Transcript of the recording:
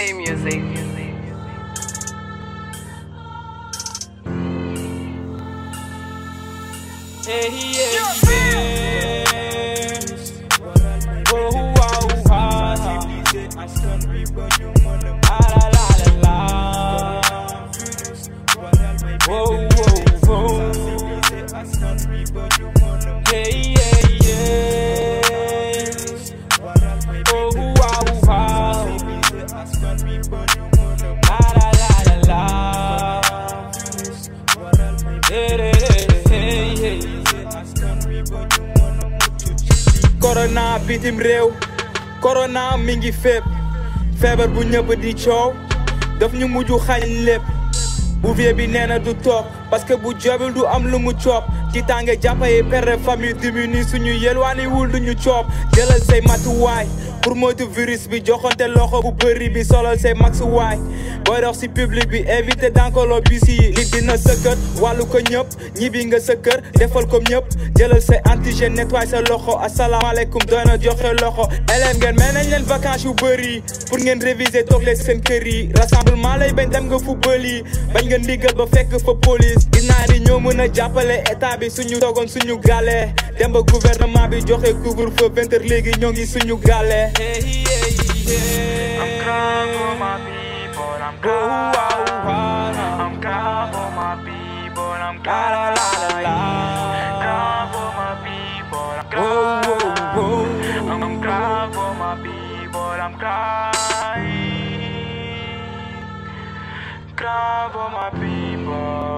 K Music. Hey, hey, yes. Oh, wow, wow. Oh, corona bitim réew corona mi ngi fépp feebar bu ñëpp di coow daf ñu mujj xañ lépp bouvier bi nee na du toog parce que bu jobil du am lu mu coob ci tànge jàppa yi père famille nii suñu yelwaani wul duñu coob jëlal say matuwaay pour moytu virus bi joxante loxo bu bëri bi solal say max waay booy si public bi éviter dankolo bis yi nit dina sëkkër wàllu ko ñëpp ñibbi nga sa kër defal ko ñëpp jëlal say antigène nettoyer sa loxo asalaamaaleykum doy na joxe loxo élève ngeen mais nañ leen vacances yu bëri pour ngeen réviser toog seen kër yi rassemblement lay bañ dem nga fu bëli bañ nga ndigal ba fekk fa police ci naar yi ñoo mën a jàppale état bi suñu toogoon suñu gaale dem ba gouvernement bi joxe couvre-feu vingt heures léegi ñoo ngi suñu gaale cry for my people.